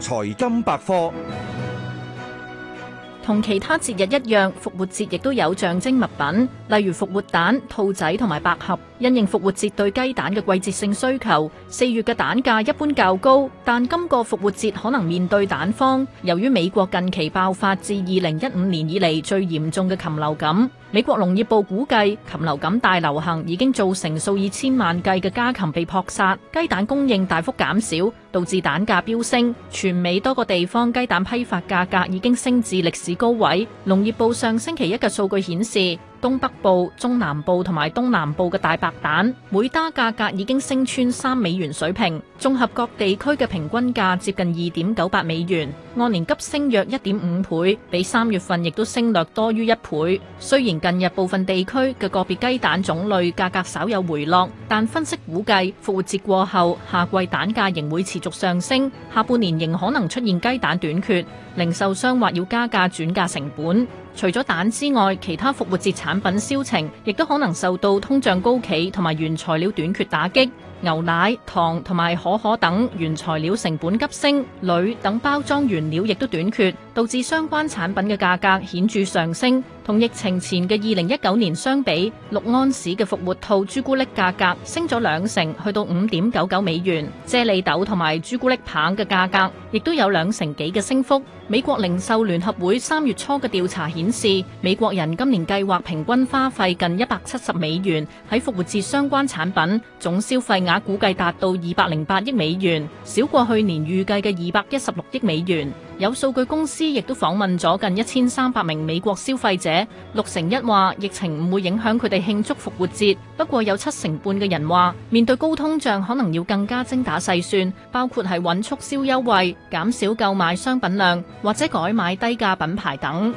財金百科同其他節日一樣，復活節亦都有象徵物品，例如復活蛋、兔仔同埋百合。因應復活節對雞蛋嘅季節性需求，四月嘅蛋價一般較高，但今個復活節可能面對蛋荒。由於美國近期爆發至二零一五年以嚟最嚴重嘅禽流感，美國農業部估計禽流感大流行已經造成數以千萬計嘅家禽被撲殺，雞蛋供應大幅減少。導致蛋價飆升，全美多個地方雞蛋批發價格已經升至歷史高位。農業部上星期一嘅數據顯示，東北部、中南部同埋東南部嘅大白蛋，每打價格已經升穿三美元水平，綜合各地區嘅平均價接近二點九八美元，按年急升約一點五倍，比三月份亦都升略多於一倍。雖然近日部分地區嘅個別雞蛋種類價格稍有回落，但分析估計復活節過後，夏季蛋價仍會持續上升，下半年仍可能出現雞蛋短缺，零售商或要加價轉嫁成本。除咗蛋之外，其他復活節產品銷情亦都可能受到通脹高企同埋原材料短缺打擊。牛奶、糖同埋可可等原材料成本急升，鋁等包裝原料亦都短缺，導致相關產品嘅價格顯著上升。同疫情前嘅二零一九年相比，六安士嘅復活兔朱古力價格升咗兩成，去到五點九九美元。啫喱豆同埋朱古力棒嘅價格亦都有兩成幾嘅升幅。美國零售聯合會三月初嘅調查顯示，美國人今年計劃平均花費近一百七十美元喺復活節相關產品總消費額。額估計達到二百零八億美元，少過去年預計嘅二百一十六億美元。有數據公司亦都訪問咗近一千三百名美國消費者，六成一話疫情唔會影響佢哋慶祝復活節，不過有七成半嘅人話面對高通脹可能要更加精打細算，包括係揾促銷優惠、減少購買商品量或者改買低價品牌等。